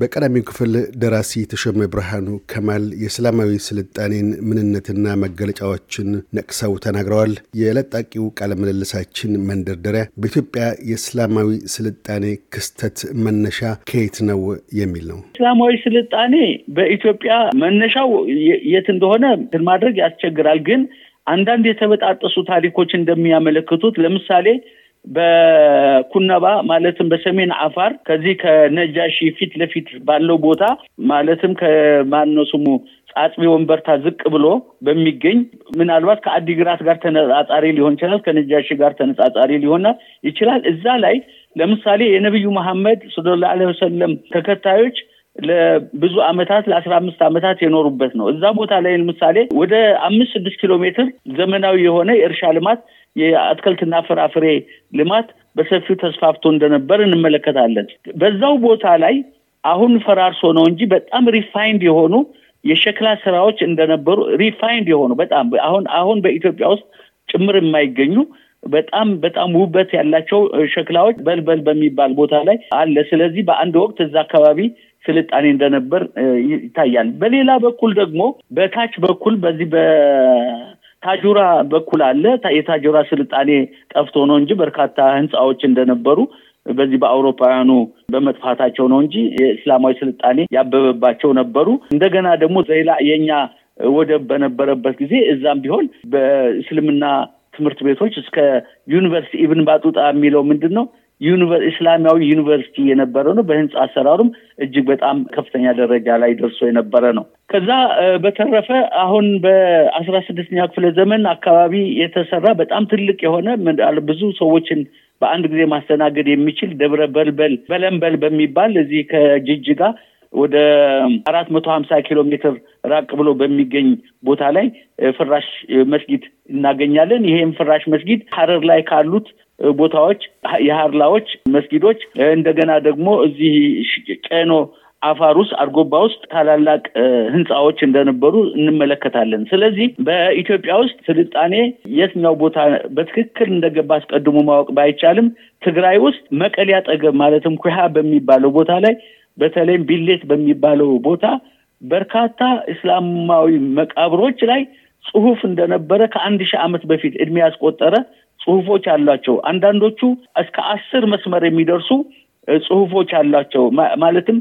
በቀዳሚው ክፍል ደራሲ ተሾመ ብርሃኑ ከማል የእስላማዊ ስልጣኔን ምንነትና መገለጫዎችን ነቅሰው ተናግረዋል። የለጣቂው ቃለምልልሳችን መንደርደሪያ በኢትዮጵያ የእስላማዊ ስልጣኔ ክስተት መነሻ ከየት ነው የሚል ነው። እስላማዊ ስልጣኔ በኢትዮጵያ መነሻው የት እንደሆነ ማድረግ ያስቸግራል። ግን አንዳንድ የተበጣጠሱ ታሪኮች እንደሚያመለክቱት ለምሳሌ በኩነባ ማለትም በሰሜን አፋር ከዚህ ከነጃሺ ፊት ለፊት ባለው ቦታ ማለትም ከማነው ስሙ ጻጽቢ ወንበርታ ዝቅ ብሎ በሚገኝ ምናልባት ከአዲግራት ጋር ተነጻጻሪ ሊሆን ይችላል፣ ከነጃሺ ጋር ተነጻጻሪ ሊሆን ይችላል። እዛ ላይ ለምሳሌ የነቢዩ መሐመድ ሰለላሁ ለ ወሰለም ተከታዮች ለብዙ ዓመታት ለአስራ አምስት ዓመታት የኖሩበት ነው። እዛ ቦታ ላይ ለምሳሌ ወደ አምስት ስድስት ኪሎ ሜትር ዘመናዊ የሆነ የእርሻ ልማት የአትክልትና ፍራፍሬ ልማት በሰፊው ተስፋፍቶ እንደነበር እንመለከታለን። በዛው ቦታ ላይ አሁን ፈራርሶ ነው እንጂ በጣም ሪፋይንድ የሆኑ የሸክላ ስራዎች እንደነበሩ ሪፋይንድ የሆኑ በጣም አሁን አሁን በኢትዮጵያ ውስጥ ጭምር የማይገኙ በጣም በጣም ውበት ያላቸው ሸክላዎች በልበል በሚባል ቦታ ላይ አለ። ስለዚህ በአንድ ወቅት እዛ አካባቢ ስልጣኔ እንደነበር ይታያል። በሌላ በኩል ደግሞ በታች በኩል በዚህ ታጁራ በኩል አለ። የታጁራ ስልጣኔ ጠፍቶ ነው እንጂ በርካታ ህንፃዎች እንደነበሩ በዚህ በአውሮፓውያኑ በመጥፋታቸው ነው እንጂ የእስላማዊ ስልጣኔ ያበበባቸው ነበሩ። እንደገና ደግሞ ዘይላ የኛ ወደብ በነበረበት ጊዜ እዛም ቢሆን በእስልምና ትምህርት ቤቶች እስከ ዩኒቨርሲቲ ኢብን ባጡጣ የሚለው ምንድን ነው ስላማዊ ዩኒቨርሲቲ የነበረ ነው። በህንፃ አሰራሩም እጅግ በጣም ከፍተኛ ደረጃ ላይ ደርሶ የነበረ ነው። ከዛ በተረፈ አሁን በአስራ ስድስተኛ ክፍለ ዘመን አካባቢ የተሰራ በጣም ትልቅ የሆነ ብዙ ሰዎችን በአንድ ጊዜ ማስተናገድ የሚችል ደብረ በልበል በለምበል በሚባል እዚህ ከጅጅጋ ወደ አራት መቶ ሀምሳ ኪሎ ሜትር ራቅ ብሎ በሚገኝ ቦታ ላይ ፍራሽ መስጊድ እናገኛለን። ይሄም ፍራሽ መስጊድ ሀረር ላይ ካሉት ቦታዎች የሀርላዎች መስጊዶች፣ እንደገና ደግሞ እዚህ ቀኖ አፋር ውስጥ አርጎባ ውስጥ ታላላቅ ህንፃዎች እንደነበሩ እንመለከታለን። ስለዚህ በኢትዮጵያ ውስጥ ስልጣኔ የትኛው ቦታ በትክክል እንደገባ አስቀድሞ ማወቅ ባይቻልም ትግራይ ውስጥ መቀሌ አጠገብ ማለትም ኩሃ በሚባለው ቦታ ላይ በተለይም ቢሌት በሚባለው ቦታ በርካታ እስላማዊ መቃብሮች ላይ ጽሁፍ እንደነበረ ከአንድ ሺህ ዓመት በፊት እድሜ ያስቆጠረ ጽሁፎች አሏቸው። አንዳንዶቹ እስከ አስር መስመር የሚደርሱ ጽሁፎች አሏቸው። ማለትም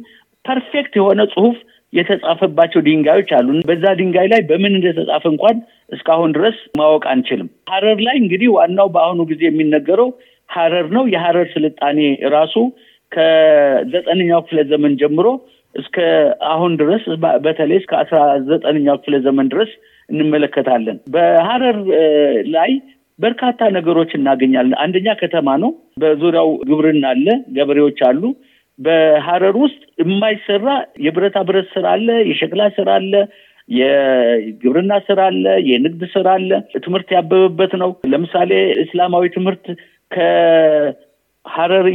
ፐርፌክት የሆነ ጽሁፍ የተጻፈባቸው ድንጋዮች አሉ። በዛ ድንጋይ ላይ በምን እንደተጻፈ እንኳን እስካሁን ድረስ ማወቅ አንችልም። ሀረር ላይ እንግዲህ ዋናው በአሁኑ ጊዜ የሚነገረው ሀረር ነው። የሀረር ስልጣኔ ራሱ ከዘጠነኛው ክፍለ ዘመን ጀምሮ እስከ አሁን ድረስ በተለይ እስከ አስራ ዘጠነኛው ክፍለ ዘመን ድረስ እንመለከታለን። በሀረር ላይ በርካታ ነገሮች እናገኛለን። አንደኛ ከተማ ነው። በዙሪያው ግብርና አለ፣ ገበሬዎች አሉ። በሀረር ውስጥ የማይሰራ የብረታ ብረት ስራ አለ፣ የሸክላ ስራ አለ፣ የግብርና ስራ አለ፣ የንግድ ስራ አለ። ትምህርት ያበበበት ነው። ለምሳሌ እስላማዊ ትምህርት ከሀረር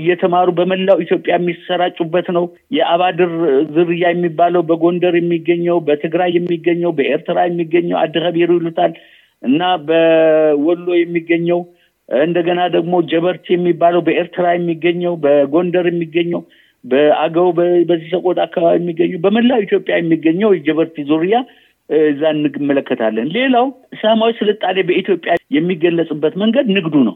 እየተማሩ በመላው ኢትዮጵያ የሚሰራጩበት ነው። የአባድር ዝርያ የሚባለው በጎንደር የሚገኘው፣ በትግራይ የሚገኘው፣ በኤርትራ የሚገኘው አድኸቢሩ ይሉታል። እና በወሎ የሚገኘው እንደገና ደግሞ ጀበርት የሚባለው በኤርትራ የሚገኘው በጎንደር የሚገኘው በአገው በዚህ ሰቆጣ አካባቢ የሚገኙ በመላው ኢትዮጵያ የሚገኘው የጀበርቲ ዙሪያ እዛ እንመለከታለን። ሌላው እስላማዊ ስልጣኔ በኢትዮጵያ የሚገለጽበት መንገድ ንግዱ ነው።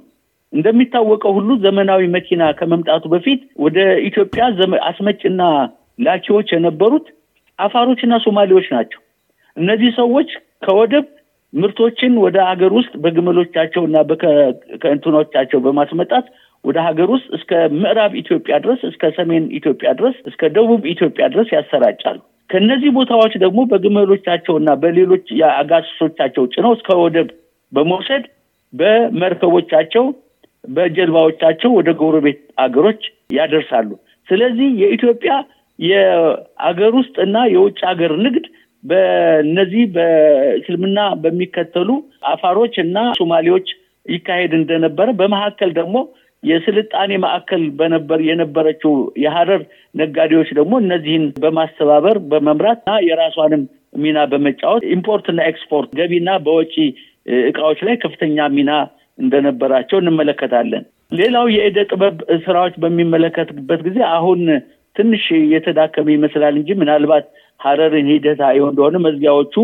እንደሚታወቀው ሁሉ ዘመናዊ መኪና ከመምጣቱ በፊት ወደ ኢትዮጵያ አስመጭና ላኪዎች የነበሩት አፋሮችና ሶማሌዎች ናቸው። እነዚህ ሰዎች ከወደብ ምርቶችን ወደ ሀገር ውስጥ በግመሎቻቸው እና ከእንትኖቻቸው በማስመጣት ወደ ሀገር ውስጥ እስከ ምዕራብ ኢትዮጵያ ድረስ እስከ ሰሜን ኢትዮጵያ ድረስ እስከ ደቡብ ኢትዮጵያ ድረስ ያሰራጫሉ። ከእነዚህ ቦታዎች ደግሞ በግመሎቻቸውና በሌሎች የአጋሶቻቸው ጭነው እስከ ወደብ በመውሰድ በመርከቦቻቸው በጀልባዎቻቸው ወደ ጎረቤት አገሮች ያደርሳሉ። ስለዚህ የኢትዮጵያ የአገር ውስጥ እና የውጭ ሀገር ንግድ በእነዚህ በእስልምና በሚከተሉ አፋሮች እና ሶማሌዎች ይካሄድ እንደነበረ በመካከል ደግሞ የስልጣኔ ማዕከል በነበር የነበረችው የሀረር ነጋዴዎች ደግሞ እነዚህን በማስተባበር በመምራት እና የራሷንም ሚና በመጫወት ኢምፖርትና ኤክስፖርት ገቢና በወጪ እቃዎች ላይ ከፍተኛ ሚና እንደነበራቸው እንመለከታለን። ሌላው የእደ ጥበብ ስራዎች በሚመለከትበት ጊዜ አሁን ትንሽ የተዳከመ ይመስላል እንጂ ምናልባት ሀረርን ሂደት አይሆን እንደሆነ መዝጊያዎቹ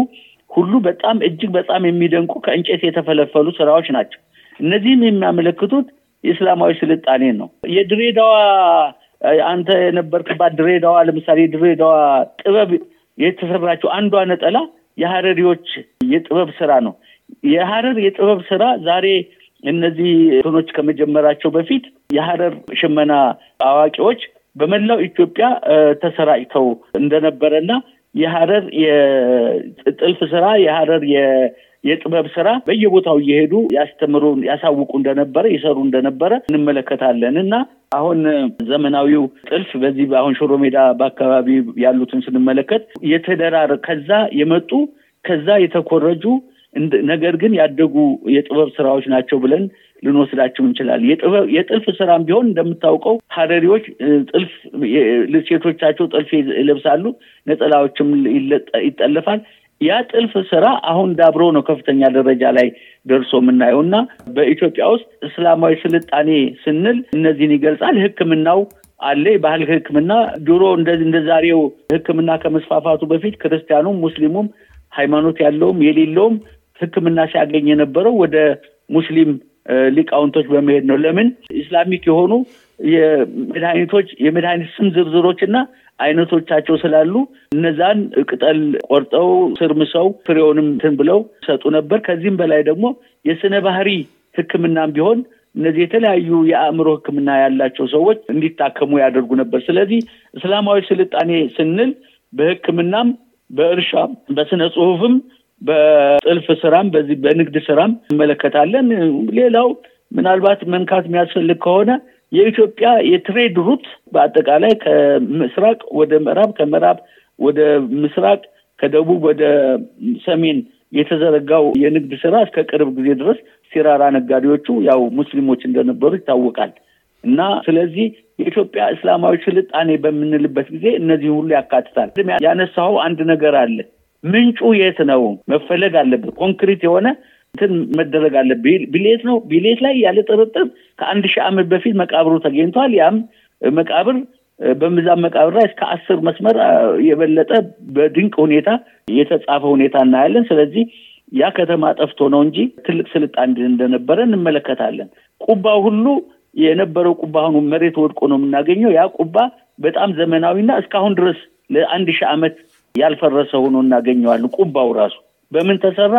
ሁሉ በጣም እጅግ በጣም የሚደንቁ ከእንጨት የተፈለፈሉ ስራዎች ናቸው። እነዚህም የሚያመለክቱት የእስላማዊ ስልጣኔን ነው። የድሬዳዋ አንተ የነበርክባት ድሬዳዋ ለምሳሌ የድሬዳዋ ጥበብ የተሰራቸው አንዷ ነጠላ የሀረሪዎች የጥበብ ስራ ነው። የሀረር የጥበብ ስራ ዛሬ እነዚህ እንትኖች ከመጀመራቸው በፊት የሀረር ሽመና አዋቂዎች በመላው ኢትዮጵያ ተሰራጭተው እንደነበረና የሀረር የጥልፍ ስራ የሀረር የጥበብ ስራ በየቦታው እየሄዱ ያስተምሩ ያሳውቁ እንደነበረ ይሰሩ እንደነበረ እንመለከታለን እና አሁን ዘመናዊው ጥልፍ በዚህ አሁን ሾሮ ሜዳ በአካባቢ ያሉትን ስንመለከት የተደራር ከዛ የመጡ ከዛ የተኮረጁ ነገር ግን ያደጉ የጥበብ ስራዎች ናቸው ብለን ልንወስዳቸው እንችላል። የጥልፍ ስራም ቢሆን እንደምታውቀው ሀረሪዎች ጥልፍ ሴቶቻቸው ጥልፍ ይለብሳሉ፣ ነጠላዎችም ይጠለፋል። ያ ጥልፍ ስራ አሁን ዳብሮ ነው ከፍተኛ ደረጃ ላይ ደርሶ የምናየው እና በኢትዮጵያ ውስጥ እስላማዊ ስልጣኔ ስንል እነዚህን ይገልጻል። ህክምናው አለ። የባህል ህክምና ድሮ እንደ ዛሬው ህክምና ከመስፋፋቱ በፊት ክርስቲያኑም፣ ሙስሊሙም ሃይማኖት ያለውም የሌለውም ህክምና ሲያገኝ የነበረው ወደ ሙስሊም ሊቃውንቶች በመሄድ ነው። ለምን ኢስላሚክ የሆኑ የመድኃኒቶች የመድኃኒት ስም ዝርዝሮች እና አይነቶቻቸው ስላሉ እነዛን ቅጠል ቆርጠው ስርምሰው ፍሬውንም ትን ብለው ይሰጡ ነበር። ከዚህም በላይ ደግሞ የስነ ባህሪ ሕክምናም ቢሆን እነዚህ የተለያዩ የአእምሮ ሕክምና ያላቸው ሰዎች እንዲታከሙ ያደርጉ ነበር። ስለዚህ እስላማዊ ስልጣኔ ስንል በሕክምናም፣ በእርሻም፣ በስነ ጽሁፍም በጥልፍ ስራም በዚህ በንግድ ስራም እንመለከታለን። ሌላው ምናልባት መንካት የሚያስፈልግ ከሆነ የኢትዮጵያ የትሬድ ሩት በአጠቃላይ ከምስራቅ ወደ ምዕራብ፣ ከምዕራብ ወደ ምስራቅ፣ ከደቡብ ወደ ሰሜን የተዘረጋው የንግድ ስራ እስከ ቅርብ ጊዜ ድረስ ሲራራ ነጋዴዎቹ ያው ሙስሊሞች እንደነበሩ ይታወቃል። እና ስለዚህ የኢትዮጵያ እስላማዊ ስልጣኔ በምንልበት ጊዜ እነዚህን ሁሉ ያካትታል። ያነሳው አንድ ነገር አለ። ምንጩ የት ነው መፈለግ አለበት። ኮንክሪት የሆነ እንትን መደረግ አለበት። ብሌት ነው። ብሌት ላይ ያለ ጥርጥር ከአንድ ሺህ ዓመት በፊት መቃብሩ ተገኝቷል። ያም መቃብር በምዛም መቃብር ላይ እስከ አስር መስመር የበለጠ በድንቅ ሁኔታ የተጻፈ ሁኔታ እናያለን። ስለዚህ ያ ከተማ ጠፍቶ ነው እንጂ ትልቅ ስልጣን እንደነበረ እንመለከታለን። ቁባው ሁሉ የነበረው ቁባ አሁኑ መሬት ወድቆ ነው የምናገኘው። ያ ቁባ በጣም ዘመናዊና እስካሁን ድረስ ለአንድ ሺህ ዓመት ያልፈረሰ ሆኖ እናገኘዋለን። ቁባው ራሱ በምን ተሰራ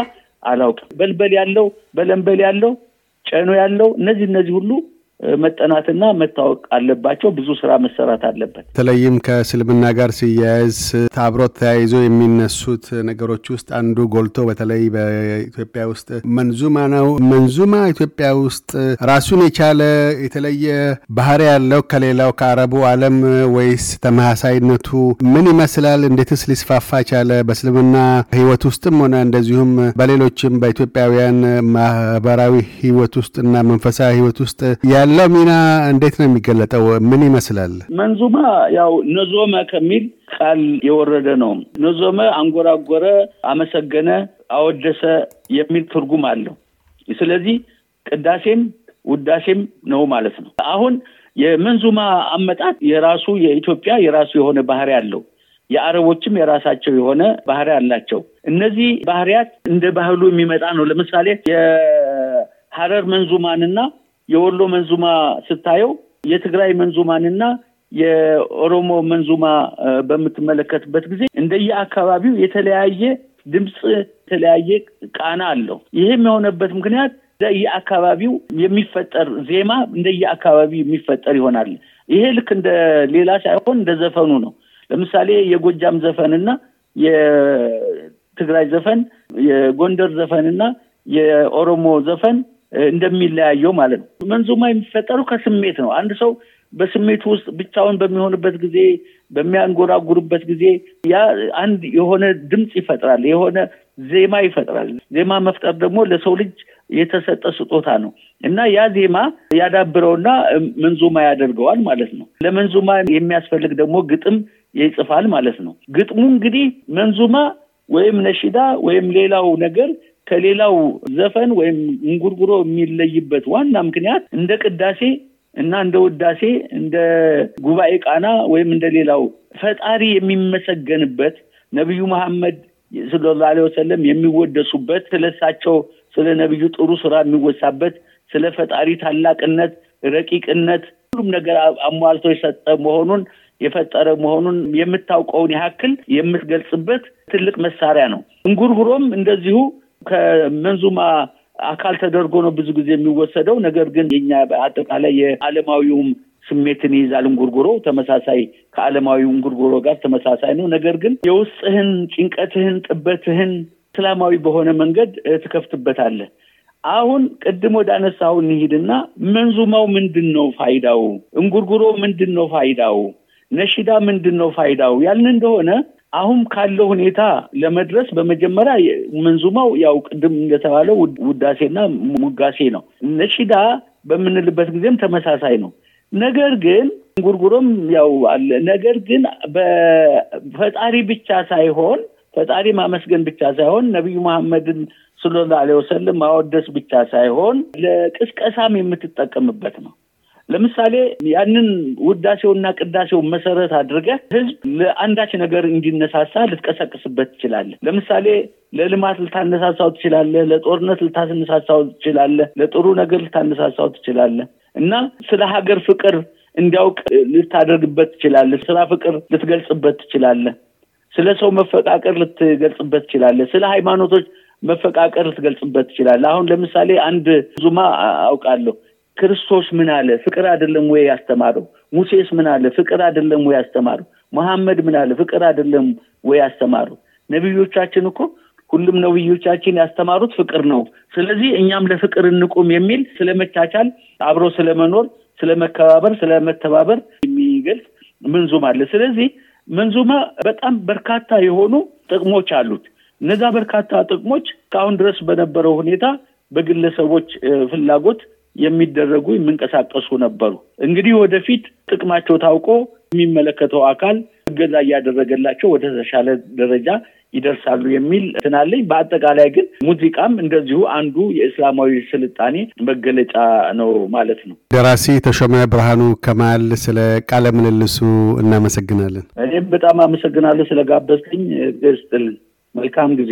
አላውቅም። በልበል ያለው በለንበል ያለው ጨኖ ያለው እነዚህ እነዚህ ሁሉ መጠናትና መታወቅ አለባቸው። ብዙ ስራ መሰራት አለበት። በተለይም ከእስልምና ጋር ሲያያዝ አብሮ ተያይዞ የሚነሱት ነገሮች ውስጥ አንዱ ጎልቶ በተለይ በኢትዮጵያ ውስጥ መንዙማ ነው። መንዙማ ኢትዮጵያ ውስጥ ራሱን የቻለ የተለየ ባህሪ ያለው ከሌላው ከአረቡ ዓለም ወይስ ተመሳሳይነቱ ምን ይመስላል? እንዴትስ ሊስፋፋ ቻለ? በእስልምና ህይወት ውስጥም ሆነ እንደዚሁም በሌሎችም በኢትዮጵያውያን ማህበራዊ ህይወት ውስጥ እና መንፈሳዊ ህይወት ውስጥ ያለ ለሚና ሚና እንዴት ነው የሚገለጠው? ምን ይመስላል? መንዙማ ያው ነዞመ ከሚል ቃል የወረደ ነው። ነዞመ አንጎራጎረ፣ አመሰገነ፣ አወደሰ የሚል ትርጉም አለው። ስለዚህ ቅዳሴም ውዳሴም ነው ማለት ነው። አሁን የመንዙማ አመጣት የራሱ የኢትዮጵያ የራሱ የሆነ ባህሪ አለው። የአረቦችም የራሳቸው የሆነ ባህሪ አላቸው። እነዚህ ባህሪያት እንደ ባህሉ የሚመጣ ነው። ለምሳሌ የሀረር መንዙማንና የወሎ መንዙማ ስታየው የትግራይ መንዙማንና የኦሮሞ መንዙማ በምትመለከትበት ጊዜ እንደየአካባቢው የተለያየ ድምፅ የተለያየ ቃና አለው። ይህም የሆነበት ምክንያት እንደየአካባቢው የሚፈጠር ዜማ እንደየአካባቢው የሚፈጠር ይሆናል። ይሄ ልክ እንደ ሌላ ሳይሆን እንደ ዘፈኑ ነው። ለምሳሌ የጎጃም ዘፈንና የትግራይ ዘፈን፣ የጎንደር ዘፈንና የኦሮሞ ዘፈን እንደሚለያየው ማለት ነው። መንዙማ የሚፈጠሩ ከስሜት ነው። አንድ ሰው በስሜት ውስጥ ብቻውን በሚሆንበት ጊዜ፣ በሚያንጎራጉርበት ጊዜ ያ አንድ የሆነ ድምፅ ይፈጥራል፣ የሆነ ዜማ ይፈጥራል። ዜማ መፍጠር ደግሞ ለሰው ልጅ የተሰጠ ስጦታ ነው እና ያ ዜማ ያዳብረውና መንዙማ ያደርገዋል ማለት ነው። ለመንዙማ የሚያስፈልግ ደግሞ ግጥም ይጽፋል ማለት ነው። ግጥሙ እንግዲህ መንዙማ ወይም ነሺዳ ወይም ሌላው ነገር ከሌላው ዘፈን ወይም እንጉርጉሮ የሚለይበት ዋና ምክንያት እንደ ቅዳሴ እና እንደ ውዳሴ እንደ ጉባኤ ቃና ወይም እንደ ሌላው ፈጣሪ የሚመሰገንበት ነቢዩ መሐመድ ስለ ላ ወሰለም የሚወደሱበት ስለሳቸው ስለ ነቢዩ ጥሩ ስራ የሚወሳበት ስለ ፈጣሪ ታላቅነት፣ ረቂቅነት ሁሉም ነገር አሟልቶ የሰጠ መሆኑን የፈጠረ መሆኑን የምታውቀውን ያክል የምትገልጽበት ትልቅ መሳሪያ ነው። እንጉርጉሮም እንደዚሁ ከመንዙማ አካል ተደርጎ ነው ብዙ ጊዜ የሚወሰደው። ነገር ግን የኛ አጠቃላይ የአለማዊውም ስሜትን ይይዛል። እንጉርጉሮ ተመሳሳይ ከአለማዊ እንጉርጉሮ ጋር ተመሳሳይ ነው። ነገር ግን የውስጥህን ጭንቀትህን፣ ጥበትህን እስላማዊ በሆነ መንገድ ትከፍትበታለ። አሁን ቅድም ወደ አነሳው እንሂድና መንዙማው ምንድን ነው ፋይዳው? እንጉርጉሮ ምንድን ነው ፋይዳው? ነሺዳ ምንድን ነው ፋይዳው? ያልን እንደሆነ አሁን ካለው ሁኔታ ለመድረስ በመጀመሪያ መንዙማው ያው ቅድም እንደተባለው ውዳሴና ሙጋሴ ነው። ነሺዳ በምንልበት ጊዜም ተመሳሳይ ነው። ነገር ግን ጉርጉሮም ያው አለ። ነገር ግን በፈጣሪ ብቻ ሳይሆን ፈጣሪ ማመስገን ብቻ ሳይሆን ነቢዩ መሐመድን ስለ ላ ወሰልም ማወደስ ብቻ ሳይሆን ለቅስቀሳም የምትጠቀምበት ነው። ለምሳሌ ያንን ውዳሴውና ቅዳሴው መሰረት አድርገ ህዝብ ለአንዳች ነገር እንዲነሳሳ ልትቀሰቅስበት ትችላለህ። ለምሳሌ ለልማት ልታነሳሳው ትችላለህ። ለጦርነት ልታነሳሳው ትችላለህ። ለጥሩ ነገር ልታነሳሳው ትችላለህ እና ስለ ሀገር ፍቅር እንዲያውቅ ልታደርግበት ትችላለህ። ስራ ፍቅር ልትገልጽበት ትችላለህ። ስለ ሰው መፈቃቀር ልትገልጽበት ትችላለህ። ስለ ሃይማኖቶች መፈቃቀር ልትገልጽበት ትችላለህ። አሁን ለምሳሌ አንድ ዙማ አውቃለሁ ክርስቶስ ምን አለ? ፍቅር አይደለም ወይ ያስተማረው? ሙሴስ ምን አለ? ፍቅር አይደለም ወይ ያስተማረው? መሐመድ ምን አለ? ፍቅር አይደለም ወይ ያስተማረው? ነቢዮቻችን እኮ ሁሉም ነብዮቻችን ያስተማሩት ፍቅር ነው። ስለዚህ እኛም ለፍቅር እንቁም የሚል ስለመቻቻል፣ አብሮ ስለመኖር፣ ስለመከባበር፣ ስለመተባበር የሚገልጽ መንዙማ አለ። ስለዚህ መንዙማ በጣም በርካታ የሆኑ ጥቅሞች አሉት። እነዛ በርካታ ጥቅሞች ከአሁን ድረስ በነበረው ሁኔታ በግለሰቦች ፍላጎት የሚደረጉ የሚንቀሳቀሱ ነበሩ። እንግዲህ ወደፊት ጥቅማቸው ታውቆ የሚመለከተው አካል እገዛ እያደረገላቸው ወደ ተሻለ ደረጃ ይደርሳሉ የሚል ትናለኝ። በአጠቃላይ ግን ሙዚቃም እንደዚሁ አንዱ የእስላማዊ ስልጣኔ መገለጫ ነው ማለት ነው። ደራሲ ተሾመ ብርሃኑ ከማል ስለ ቃለ ምልልሱ እናመሰግናለን። እኔም በጣም አመሰግናለሁ ስለጋበዝከኝ። ስጥልን። መልካም ጊዜ